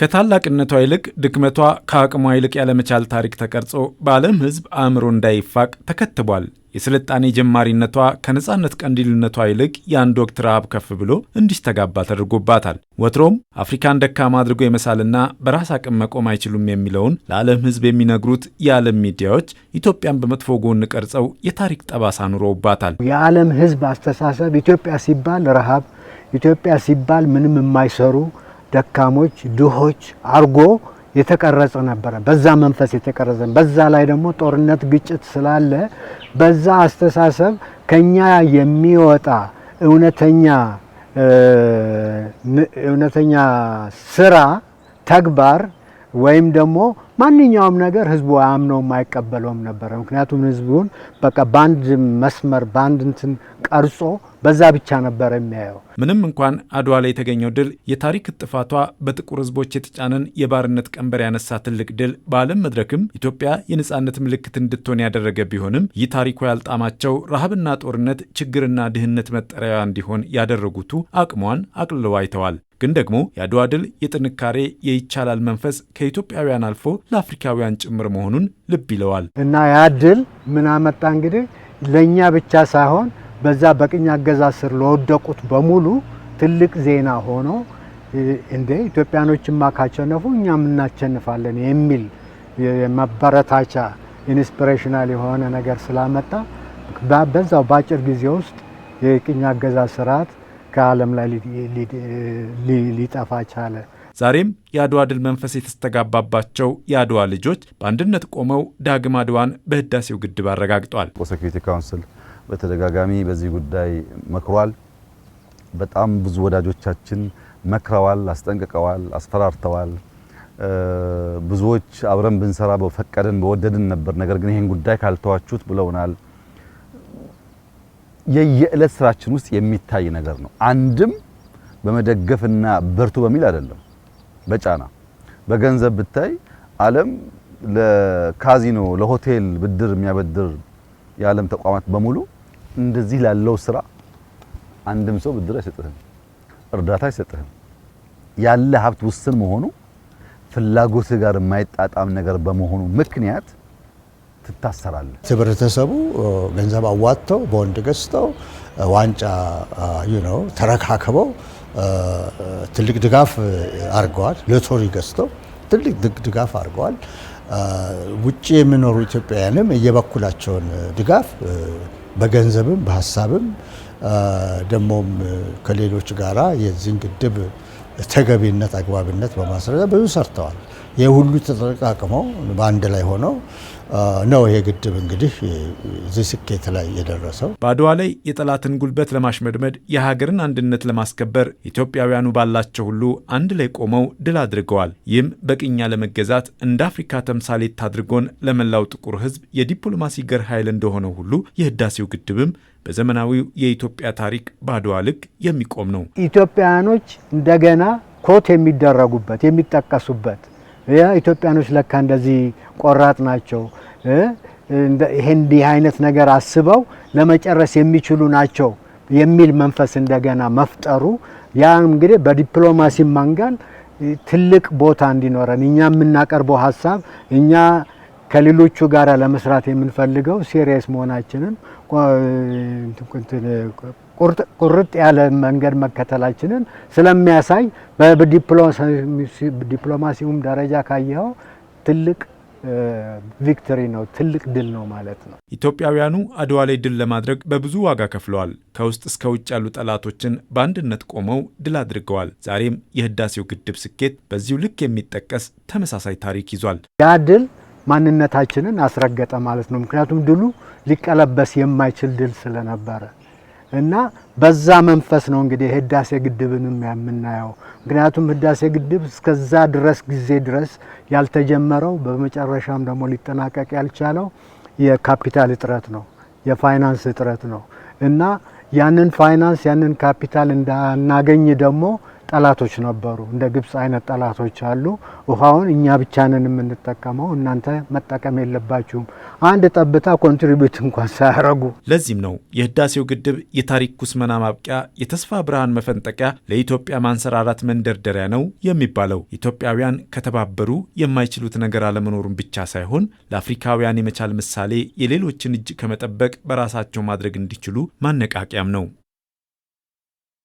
ከታላቅነቷ ይልቅ ድክመቷ ከአቅሟ ይልቅ ያለመቻል ታሪክ ተቀርጾ በዓለም ሕዝብ አእምሮ እንዳይፋቅ ተከትቧል። የስልጣኔ ጀማሪነቷ ከነፃነት ቀንዲልነቷ ይልቅ የአንድ ወቅት ረሃብ ከፍ ብሎ እንዲስተጋባ ተደርጎባታል። ወትሮም አፍሪካን ደካማ አድርጎ የመሳልና በራስ አቅም መቆም አይችሉም የሚለውን ለዓለም ሕዝብ የሚነግሩት የዓለም ሚዲያዎች ኢትዮጵያን በመጥፎ ጎን ቀርጸው የታሪክ ጠባሳ ኑረውባታል። የዓለም ሕዝብ አስተሳሰብ ኢትዮጵያ ሲባል ረሃብ፣ ኢትዮጵያ ሲባል ምንም የማይሰሩ ደካሞች፣ ድሆች አርጎ የተቀረጸ ነበረ። በዛ መንፈስ የተቀረጸ በዛ ላይ ደግሞ ጦርነት፣ ግጭት ስላለ በዛ አስተሳሰብ ከኛ የሚወጣ እውነተኛ እውነተኛ ስራ ተግባር ወይም ደግሞ ማንኛውም ነገር ህዝቡ አያምነውም አይቀበለውም ነበረ። ምክንያቱም ህዝቡን በቃ በአንድ መስመር በአንድ እንትን ቀርጾ በዛ ብቻ ነበር የሚያየው። ምንም እንኳን አድዋ ላይ የተገኘው ድል የታሪክ ጥፋቷ በጥቁር ሕዝቦች የተጫነን የባርነት ቀንበር ያነሳ ትልቅ ድል በዓለም መድረክም ኢትዮጵያ የነጻነት ምልክት እንድትሆን ያደረገ ቢሆንም ይህ ታሪኩ ያልጣማቸው ረሃብና ጦርነት፣ ችግርና ድህነት መጠሪያ እንዲሆን ያደረጉቱ አቅሟን አቅልለው አይተዋል። ግን ደግሞ የአድዋ ድል የጥንካሬ የይቻላል መንፈስ ከኢትዮጵያውያን አልፎ ለአፍሪካውያን ጭምር መሆኑን ልብ ይለዋል እና ያ ድል ምን አመጣ እንግዲህ ለእኛ ብቻ ሳይሆን በዛ በቅኝ አገዛዝ ስር ለወደቁት በሙሉ ትልቅ ዜና ሆኖ እንደ ኢትዮጵያኖችማ ካቸነፉ እኛም እናቸንፋለን የሚል የማበረታቻ ኢንስፒሬሽናል የሆነ ነገር ስላመጣ በዛው በአጭር ጊዜ ውስጥ የቅኝ አገዛዝ ስርዓት ከዓለም ላይ ሊጠፋ ቻለ። ዛሬም የአድዋ ድል መንፈስ የተስተጋባባቸው የአድዋ ልጆች በአንድነት ቆመው ዳግም አድዋን በህዳሴው ግድብ አረጋግጧል። በተደጋጋሚ በዚህ ጉዳይ መክሯል። በጣም ብዙ ወዳጆቻችን መክረዋል፣ አስጠንቅቀዋል፣ አስፈራርተዋል። ብዙዎች አብረን ብንሰራ በፈቀድን በወደድን ነበር፣ ነገር ግን ይህን ጉዳይ ካልተዋችሁት ብለውናል። የየዕለት ስራችን ውስጥ የሚታይ ነገር ነው። አንድም በመደገፍና በርቱ በሚል አይደለም፣ በጫና በገንዘብ ብታይ ዓለም ለካዚኖ ለሆቴል ብድር የሚያበድር የዓለም ተቋማት በሙሉ እንደዚህ ላለው ስራ አንድም ሰው ብድር አይሰጥህም፣ እርዳታ አይሰጥህም። ያለ ሀብት ውስን መሆኑ ፍላጎትህ ጋር የማይጣጣም ነገር በመሆኑ ምክንያት ትታሰራለህ። ህብረተሰቡ ገንዘብ አዋጥተው በወንድ ገዝተው ዋንጫ ነው ተረካክበው ትልቅ ድጋፍ አድርገዋል። ሎቶሪ ገዝተው ትልቅ ድጋፍ አድርገዋል። ውጭ የሚኖሩ ኢትዮጵያውያንም የበኩላቸውን ድጋፍ በገንዘብም በሀሳብም ደግሞም ከሌሎች ጋራ የዚህን ግድብ ተገቢነት አግባብነት በማስረጃ ብዙ ሰርተዋል። ይህ ሁሉ ተጠቃቅመው በአንድ ላይ ሆነው ነው ይሄ ግድብ እንግዲህ እዚህ ስኬት ላይ የደረሰው። በአድዋ ላይ የጠላትን ጉልበት ለማሽመድመድ የሀገርን አንድነት ለማስከበር ኢትዮጵያውያኑ ባላቸው ሁሉ አንድ ላይ ቆመው ድል አድርገዋል። ይህም በቅኛ ለመገዛት እንደ አፍሪካ ተምሳሌት አድርጎን ለመላው ጥቁር ሕዝብ የዲፕሎማሲ ገር ኃይል እንደሆነው ሁሉ የህዳሴው ግድብም በዘመናዊው የኢትዮጵያ ታሪክ በአድዋ ልክ የሚቆም ነው። ኢትዮጵያውያኖች እንደገና ኮት የሚደረጉበት የሚጠቀሱበት ኢትዮጵያኖች ለካ እንደዚህ ቆራጥ ናቸው፣ ይሄ እንዲህ አይነት ነገር አስበው ለመጨረስ የሚችሉ ናቸው የሚል መንፈስ እንደገና መፍጠሩ ያ እንግዲህ በዲፕሎማሲ ማንጋል ትልቅ ቦታ እንዲኖረን እኛ የምናቀርበው ሀሳብ እኛ ከሌሎቹ ጋር ለመስራት የምንፈልገው ሲሪየስ መሆናችንን ቁርጥ ያለ መንገድ መከተላችንን ስለሚያሳይ በዲፕሎማሲውም ደረጃ ካየኸው ትልቅ ቪክቶሪ ነው፣ ትልቅ ድል ነው ማለት ነው። ኢትዮጵያውያኑ አድዋ ላይ ድል ለማድረግ በብዙ ዋጋ ከፍለዋል። ከውስጥ እስከ ውጭ ያሉ ጠላቶችን በአንድነት ቆመው ድል አድርገዋል። ዛሬም የህዳሴው ግድብ ስኬት በዚሁ ልክ የሚጠቀስ ተመሳሳይ ታሪክ ይዟል። ያ ድል ማንነታችንን አስረገጠ ማለት ነው። ምክንያቱም ድሉ ሊቀለበስ የማይችል ድል ስለነበረ እና በዛ መንፈስ ነው እንግዲህ ህዳሴ ግድብንም የምናየው። ምክንያቱም ህዳሴ ግድብ እስከዛ ድረስ ጊዜ ድረስ ያልተጀመረው በመጨረሻም ደግሞ ሊጠናቀቅ ያልቻለው የካፒታል እጥረት ነው፣ የፋይናንስ እጥረት ነው እና ያንን ፋይናንስ ያንን ካፒታል እንዳናገኝ ደግሞ ጠላቶች ነበሩ። እንደ ግብጽ አይነት ጠላቶች አሉ። ውሃውን እኛ ብቻንን የምንጠቀመው፣ እናንተ መጠቀም የለባችሁም፣ አንድ ጠብታ ኮንትሪቢዩት እንኳን ሳያረጉ። ለዚህም ነው የህዳሴው ግድብ የታሪክ ኩስመና ማብቂያ፣ የተስፋ ብርሃን መፈንጠቂያ፣ ለኢትዮጵያ ማንሰራራት መንደርደሪያ ነው የሚባለው። ኢትዮጵያውያን ከተባበሩ የማይችሉት ነገር አለመኖሩን ብቻ ሳይሆን ለአፍሪካውያን የመቻል ምሳሌ፣ የሌሎችን እጅ ከመጠበቅ በራሳቸው ማድረግ እንዲችሉ ማነቃቂያም ነው።